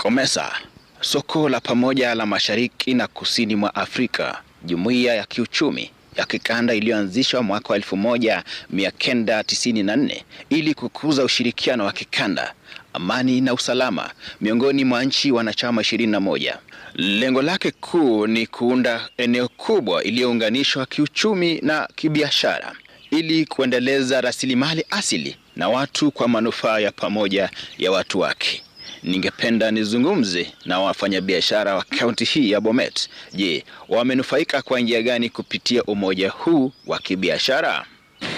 COMESA, soko la pamoja la mashariki na kusini mwa Afrika, jumuiya ya kiuchumi ya kikanda iliyoanzishwa mwaka wa 1994 ili kukuza ushirikiano wa kikanda, amani na usalama miongoni mwa nchi wanachama 21. Lengo lake kuu ni kuunda eneo kubwa iliyounganishwa kiuchumi na kibiashara ili kuendeleza rasilimali asili na watu kwa manufaa ya pamoja ya watu wake ningependa nizungumze na wafanyabiashara wa kaunti hii ya Bomet. Je, wamenufaika kwa njia gani kupitia umoja huu wa kibiashara?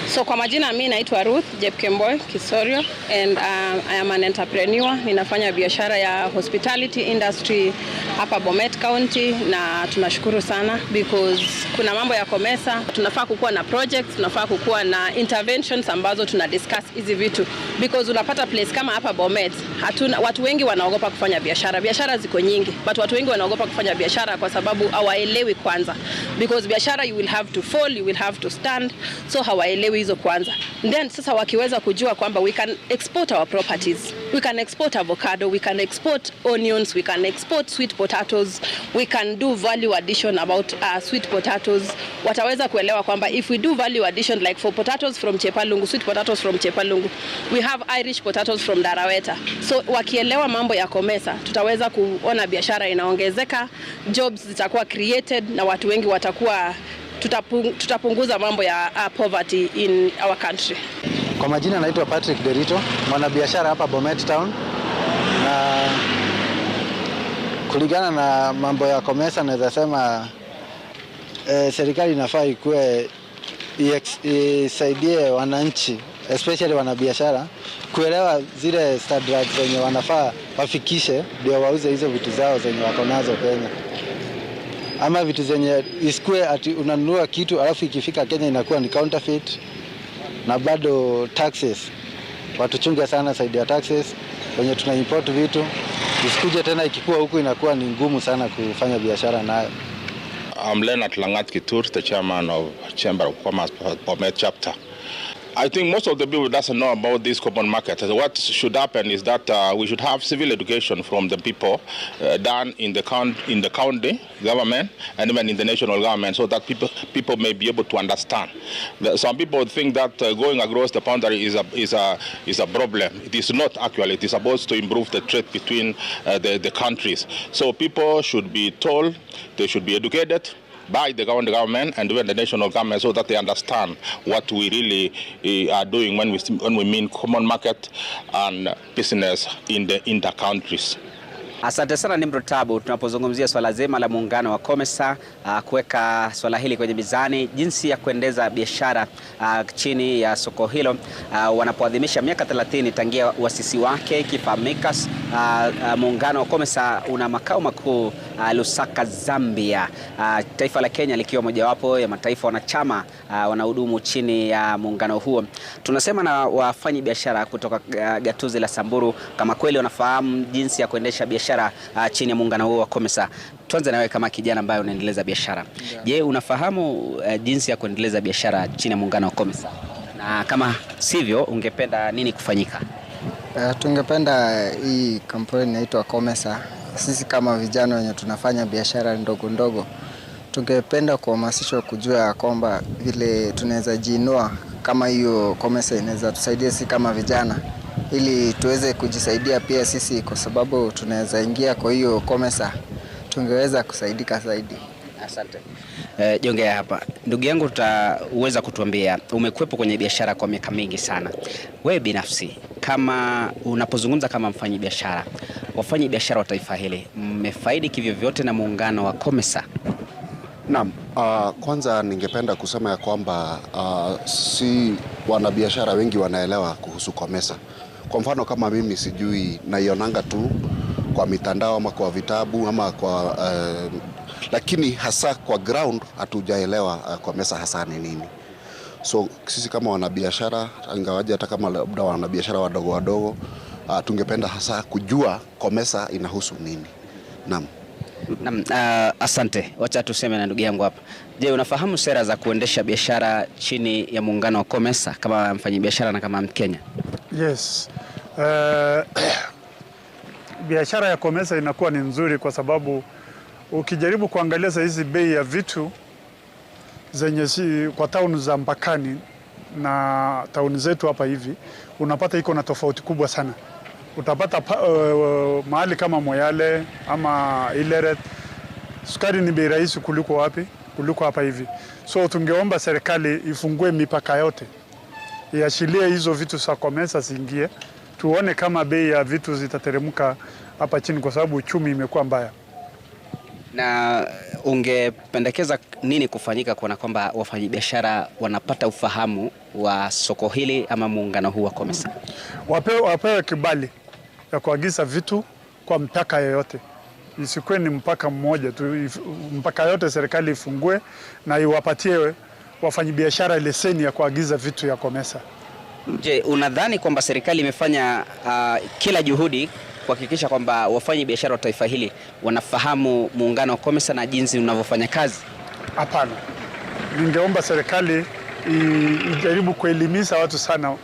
So kwa majina mimi naitwa Ruth Jepkemboi Kisorio and um, I am an entrepreneur. Ninafanya biashara ya hospitality industry hapa Bomet County na tunashukuru sana because kuna mambo ya COMESA, tunafaa kukuwa na projects, tunafaa kukuwa na interventions ambazo tuna discuss hizi vitu because unapata place kama hapa Bomet, hatuna watu wengi wanaogopa kufanya biashara. Biashara ziko nyingi but watu wengi wanaogopa kufanya biashara kwa sababu hawaelewi kwanza because biashara you will have to fall, you will have to stand. So hawaelewi hizo kwanza, then sasa wakiweza kujua kwamba we can export our properties, we can export avocado, we can export onions, we can export sweet potatoes, we can do value addition about uh, sweet potatoes. Wataweza kuelewa kwamba if we do value addition like for potatoes from Chepalungu, sweet potatoes from Chepalungu, we have Irish potatoes from Daraweta. So wakielewa mambo ya COMESA, tutaweza kuona biashara inaongezeka, jobs zitakuwa created na watu wengi watakuwa tutapung, tutapunguza mambo ya uh, poverty in our country. Kwa majina naitwa Patrick Derito, mwanabiashara hapa Bomet Town, na kulingana na mambo ya Komesa naweza sema eh, serikali inafaa ikuwe isaidie wananchi especially wanabiashara kuelewa zile standards zenye wanafaa wafikishe ndio wauze hizo vitu zao zenye wako nazo Kenya ama vitu zenye isikue ati unanunua kitu alafu ikifika Kenya inakuwa ni counterfeit. Na bado taxes, chunga sana saidi ya taxes wenye tuna import vitu, isikuje tena ikikuwa huku inakuwa ni ngumu sana kufanya biashara nayo. I'm Leonard Langat Kitur, the chairman of Chamber of Commerce Bomet chapter. I think most of the people doesn't know about this carbon market. What should happen is that uh, we should have civil education from the people uh, done in the, con- in the county government and even in the national government, so that people people may be able to understand. Some people think that uh, going across the boundary is a is a is a problem. It is not actually. It is supposed to improve the trade between uh, the the countries. So people should be told, they should be educated by the government, government and even the national government so that they understand what we really uh, are doing when we, when we mean common market and business in the, in the countries. Asante sana Nimrod Tabu, tunapozungumzia swala zima la muungano wa COMESA ah, kuweka swala hili kwenye mizani, jinsi ya kuendeza biashara ah, chini ya soko hilo ah, wanapoadhimisha miaka 30 tangia uasisi wake ikifahamika. Muungano wa COMESA una makao makuu uh, Lusaka Zambia. Uh, taifa la Kenya likiwa mojawapo ya mataifa wanachama uh, wanahudumu chini ya uh, muungano huo. Tunasema na wafanyi biashara kutoka uh, gatuzi la Samburu kama kweli wanafahamu jinsi ya kuendesha biashara uh, chini ya muungano huo wa COMESA. Tuanze nawe kama kijana ambaye unaendeleza biashara. Je, yeah. unafahamu uh, jinsi ya kuendeleza biashara chini ya muungano wa COMESA? Na kama sivyo ungependa nini kufanyika? Uh, tungependa hii kampuni inaitwa COMESA sisi kama vijana wenye tunafanya biashara ndogo ndogo, tungependa kuhamasishwa kujua ya kwamba vile tunaweza jiinua kama hiyo COMESA inaweza tusaidia sisi kama vijana, ili tuweze kujisaidia pia sisi, kwa sababu tunaweza ingia kwa hiyo COMESA tungeweza kusaidika zaidi. Asante. Uh, eh, jongea hapa ndugu yangu, tutaweza kutuambia, umekuwepo kwenye biashara kwa miaka mingi sana. Wewe binafsi, kama unapozungumza kama mfanyi biashara wafanye biashara wa taifa hili, mmefaidi kivyo vyote na muungano wa COMESA? Naam, uh, kwanza ningependa kusema ya kwamba uh, si wanabiashara wengi wanaelewa kuhusu COMESA. Kwa mfano kama mimi sijui, naionanga tu kwa mitandao ama kwa vitabu ama kwa uh, lakini hasa kwa ground hatujaelewa uh, COMESA hasa ni nini. So sisi kama wanabiashara, ingawaje hata kama labda wanabiashara wadogo wadogo uh, tungependa hasa kujua COMESA inahusu nini. Naam. Naam, uh, asante. Wacha tuseme na ndugu yangu hapa. Je, unafahamu sera za kuendesha biashara chini ya muungano wa COMESA kama mfanyabiashara na kama Mkenya? Yes. Uh, biashara ya COMESA inakuwa ni nzuri kwa sababu ukijaribu kuangalia saa hizi bei ya vitu zenye si kwa tauni za mpakani na tauni zetu hapa hivi unapata iko na tofauti kubwa sana utapata pa, uh, mahali kama Moyale ama Ileret sukari ni bei rahisi kuliko wapi, kuliko hapa hivi. So tungeomba serikali ifungue mipaka yote, iachilie hizo vitu komesa ziingie, tuone kama bei ya vitu zitateremka hapa chini, kwa sababu uchumi imekuwa mbaya. Na ungependekeza nini kufanyika kuona kwamba wafanyabiashara wanapata ufahamu wa soko hili ama muungano huu wa Komesa? Wapewe, wapewe kibali ya kuagiza vitu kwa mpaka yoyote, isikuwe ni mpaka mmoja tu, mpaka yote serikali ifungue na iwapatie wafanyabiashara leseni ya kuagiza vitu ya Komesa. Je, unadhani kwamba serikali imefanya uh, kila juhudi kuhakikisha kwamba wafanya biashara wa taifa hili wanafahamu muungano wa Komesa na jinsi unavyofanya kazi? Hapana, ningeomba serikali ijaribu kuelimisha watu sana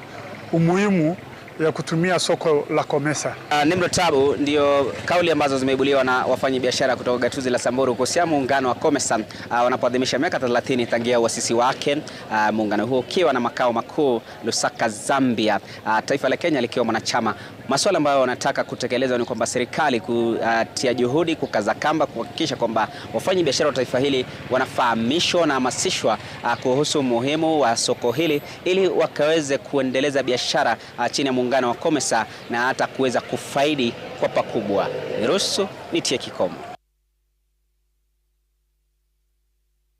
umuhimu ya kutumia soko la Komesa. Uh, ah, Nimro Tabu, ndio kauli ambazo zimeibuliwa na wafanyi biashara kutoka gatuzi la Samburu kuhusiana muungano wa Komesa uh, wanapoadhimisha miaka 30 tangia uasisi wake uh, muungano huo ukiwa na makao makuu Lusaka, Zambia, uh, taifa la Kenya likiwa mwanachama Masuala ambayo wanataka kutekeleza ni kwamba serikali kutia juhudi kukaza kamba kuhakikisha kwamba wafanya biashara wa taifa hili wanafahamishwa na hamasishwa ah, kuhusu umuhimu wa soko hili ili wakaweze kuendeleza biashara ah, chini ya muungano wa COMESA na hata kuweza kufaidi kwa pakubwa. Niruhusu nitie kikomo.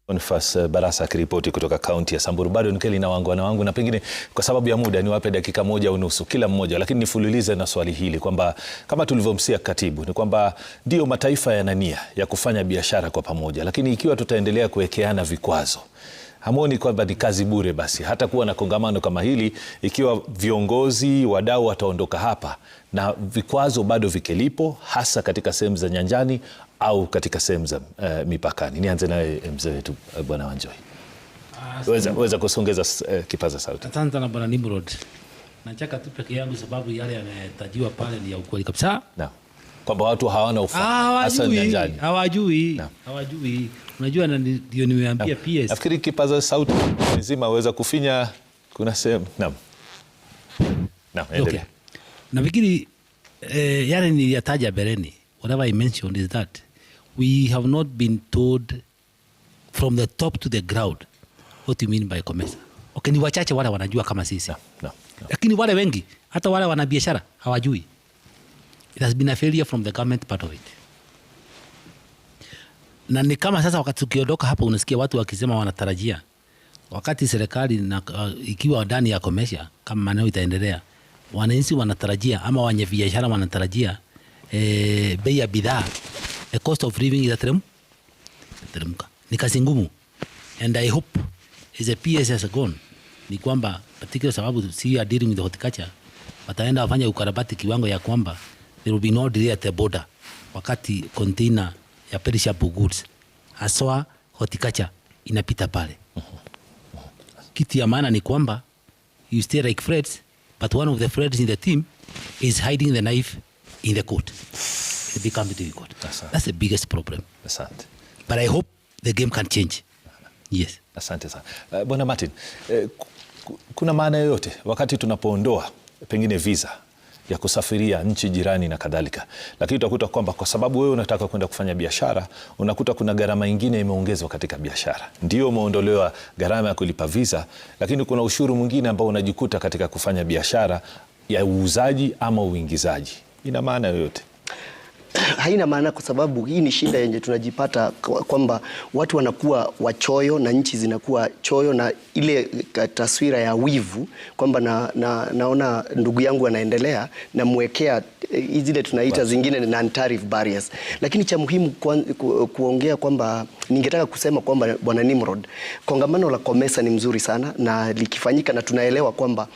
Bonifas eh, Barasa akiripoti kutoka kaunti ya Samburu. Bado nikeli na wangu wangu, na pengine kwa sababu ya muda niwape dakika moja unusu kila mmoja, lakini nifululize na swali hili kwamba kama tulivyomsia katibu, ni kwamba ndio mataifa yana nia ya kufanya biashara kwa pamoja, lakini ikiwa tutaendelea kuwekeana vikwazo hamwoni kwamba ni kazi bure basi hata kuwa na kongamano kama hili, ikiwa viongozi wadau wataondoka hapa na vikwazo bado vikelipo hasa katika sehemu za nyanjani au katika sehemu za uh, mipakani. Nianze naye eh, mzee wetu uh, Bwana Wanjoi, ah, weza, weza kusongeza uh, kipaza sauti. Asante sana Bwana Nimrod, nachaka tu peke yangu sababu yale yanayotajiwa pale ni ya ukweli kabisa no. kwamba watu hawana ufahamu ah, hasa nyanjani, hawajui hawajui. Unajua, ndio nimeambia PS. nafikiri kipaza sauti nzima uweza kufinya, kuna sehemu naam no. no, okay. nafikiri eh, yale niliyataja bereni whatever I mentioned is that we have not been told from the top to the ground what you mean by commerce. Okay, ni wachache wale wanajua kama sisi. No, no, no. Lakini wale wengi hata wale wana biashara hawajui. It has been a failure from the government part of it. Na ni kama sasa wakati ukiondoka hapa unasikia watu wakisema wanatarajia wakati serikali na uh, ikiwa ndani ya komesha kama maneno itaendelea, wananchi wanatarajia ama wanye biashara wanatarajia eh, bei ya bidhaa a cost of living itateremka itateremka, ni kazi ngumu, and I hope as a PS has gone ni kwamba particular sababu si ya dealing with the horticulture, wataenda wafanye ukarabati kiwango ya kwamba there will be no delay at the border, wakati container ya perishable goods haswa horticulture inapita pale. Kitu ya maana ni kwamba you stay like Freds, but one of the Freds in the team is hiding the knife in the coat to become the God. That's the biggest problem. Asante. But I hope the game can change. Yes. Asante sana. Uh, Bwana Martin, uh, kuna maana yoyote wakati tunapoondoa pengine visa ya kusafiria nchi jirani na kadhalika, lakini utakuta kwamba kwa sababu wewe unataka kwenda kufanya biashara, unakuta kuna gharama ingine imeongezwa katika biashara. Ndio umeondolewa gharama ya kulipa visa, lakini kuna ushuru mwingine ambao unajikuta katika kufanya biashara ya uuzaji ama uingizaji. Ina maana yoyote? haina maana kwa sababu hii ni shida yenye tunajipata kwamba watu wanakuwa wachoyo na nchi zinakuwa choyo, na ile taswira ya wivu kwamba na, na, naona ndugu yangu anaendelea, namwekea eh, zile tunaita zingine non tariff barriers. Lakini cha muhimu ku, kuongea kwamba ningetaka kusema kwamba bwana Nimrod, kongamano la COMESA ni mzuri sana na likifanyika, na tunaelewa kwamba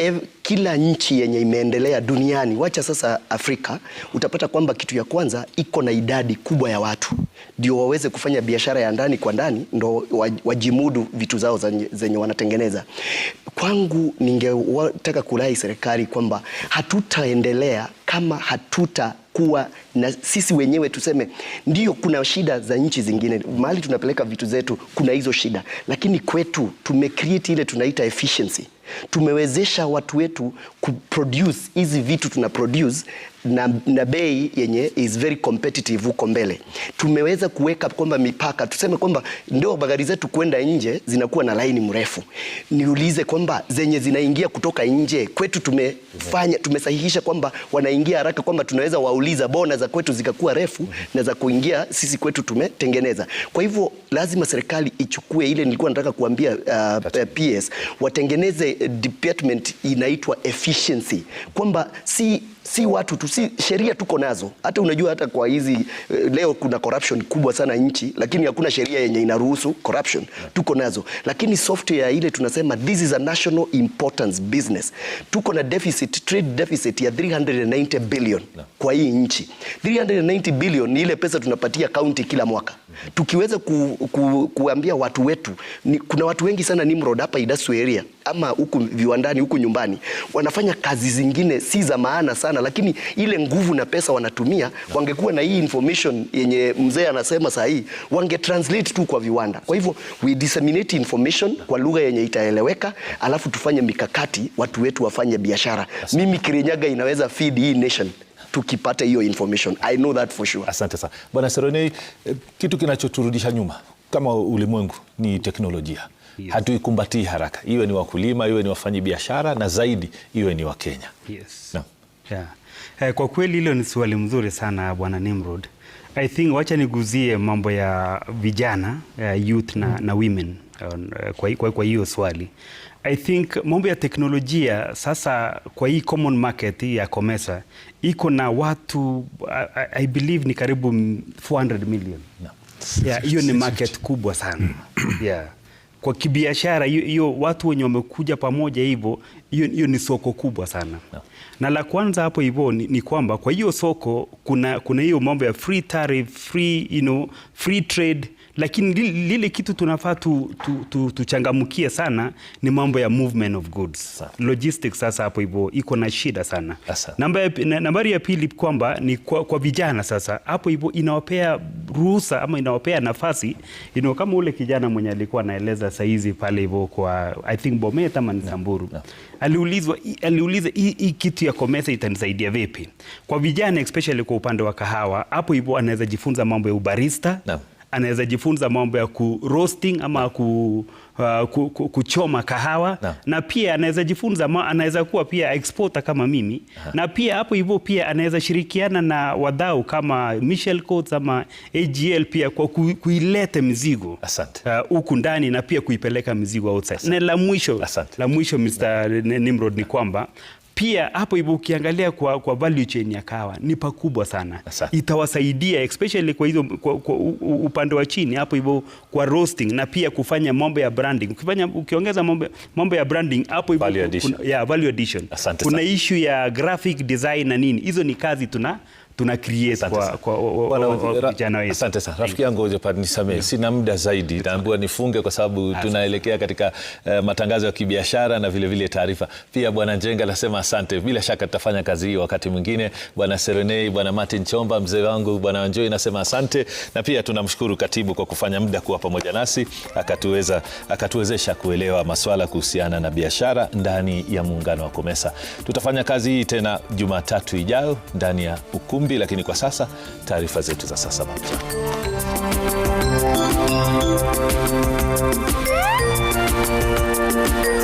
ev, kila nchi yenye imeendelea duniani, wacha sasa Afrika, utapata kwamba kitu ya kwanza iko na idadi kubwa ya watu, ndio waweze kufanya biashara ya ndani kwa ndani, ndo wajimudu vitu zao zenye wanatengeneza. Kwangu ningetaka kulai serikali kwamba hatutaendelea kama hatuta kuwa na sisi wenyewe tuseme, ndio kuna shida za nchi zingine, mahali tunapeleka vitu zetu kuna hizo shida, lakini kwetu tumecreate ile tunaita efficiency tumewezesha watu wetu kuproduce hizi vitu tuna produce na, na bei yenye is very competitive huko mbele. Tumeweza kuweka kwamba mipaka tuseme kwamba ndio magari zetu kwenda nje zinakuwa na laini mrefu. Niulize kwamba zenye zinaingia kutoka nje kwetu tumefanya tumesahihisha kwamba wanaingia haraka kwamba tunaweza wauliza bona za kwetu zikakuwa refu na za kuingia sisi kwetu tumetengeneza. Kwa hivyo lazima serikali ichukue ile nilikuwa nataka kuambia uh, uh PS watengeneze department inaitwa efficiency kwamba si si watu tu si sheria tuko nazo, hata unajua, hata kwa hizi eh, leo kuna corruption kubwa sana nchi, lakini hakuna sheria yenye inaruhusu corruption. Tuko nazo, lakini software ile tunasema this is a national importance business. Tuko na deficit, trade deficit ya 390 billion kwa hii nchi. 390 billion ni ile pesa tunapatia county kila mwaka. Tukiweza ku, ku, kuambia watu wetu ni, kuna watu wengi sana Nimrod hapa area ama huku viwandani huku nyumbani wanafanya kazi zingine si za maana sana, lakini ile nguvu na pesa wanatumia, wangekuwa na hii information yenye mzee anasema saa hii wange translate tu kwa viwanda. Kwa hivyo we disseminate information kwa lugha yenye itaeleweka, alafu tufanye mikakati, watu wetu wafanye biashara. Mimi Kirinyaga inaweza feed hii nation tukipata hiyo information. I know that for sure. Asante sana Bwana Seronei, eh, kitu kinachoturudisha nyuma kama ulimwengu ni teknolojia yes. Hatuikumbatii haraka, iwe ni wakulima, iwe ni wafanyi biashara na zaidi iwe ni Wakenya yes. no. yeah. Eh, kwa kweli hilo ni swali mzuri sana Bwana Nimrod. I think wacha niguzie mambo ya vijana uh, youth na, na women uh, kwa, hiyo swali I think mambo ya teknolojia sasa kwa hii common market ya komesa iko na watu I, I believe ni karibu 400 million. No. Yeah, hiyo ni market kubwa sana. Yeah kwa kibiashara hiyo, watu wenye wamekuja pamoja hivyo, hiyo ni soko kubwa sana no. Na la kwanza hapo hivyo ni, ni kwamba kwa hiyo soko kuna kuna hiyo mambo ya free tariff, free you know, free trade lakini lile kitu tunafaa tu, tu, tu, tu sana ni mambo ya movement of goods Sa. Logistics sasa hapo hivyo iko na shida sana. Nambari ya pili kwamba ni kwa, kwa vijana sasa hapo hivyo inawapea ruhusa ama inawapea nafasi ino, kama ule kijana mwenye alikuwa anaeleza saizi pale hivyo kwa I think Bomet ama Samburu no. No. Aliulizwa, aliuliza hii kitu ya komesa itanisaidia vipi kwa vijana especially kwa upande wa kahawa hapo hivyo anaweza jifunza mambo ya ubarista no anaweza jifunza mambo ya ku roasting ama ku, uh, ku, ku, kuchoma kahawa na, na pia anaweza jifunza anaweza kuwa pia exporter kama mimi ha. Na pia hapo hivyo pia anaweza shirikiana na wadau kama Michel Coats ama AGL pia kwa ku, kuilete mzigo uh, huku uh, ndani na pia kuipeleka mzigo outside. Na la mwisho, la mwisho Mr. Nimrod ni kwamba pia hapo hivyo ukiangalia kwa, kwa value chain ya kawa ni pakubwa sana. Asa. Itawasaidia especially kwa hizo kwa, kwa upande wa chini hapo hivyo kwa roasting na pia kufanya mambo ya branding. Ukifanya ukiongeza mambo ya branding hapo hivyo value addition. Kuna, yeah, value addition. Asante, kuna issue ya graphic design na nini, hizo ni kazi tuna tuna create kwa vijana wetu. Asante sana rafiki yangu Jopard, nisamehe sina muda zaidi, naambiwa nifunge kwa sababu tunaelekea katika uh, matangazo ya kibiashara na vilevile taarifa pia. Bwana Njenga nasema asante, bila shaka tutafanya kazi hii wakati mwingine. Bwana Serenei, bwana Martin Chomba, mzee wangu bwana Wanjoi nasema asante, na pia tunamshukuru katibu kwa kufanya muda kuwa pamoja nasi, akatuweza akatuwezesha kuelewa maswala kuhusiana na biashara ndani ya muungano wa COMESA. Tutafanya kazi hii tena Jumatatu ijayo ndani ya ukumbi vumbi, lakini kwa sasa taarifa zetu za sasa saba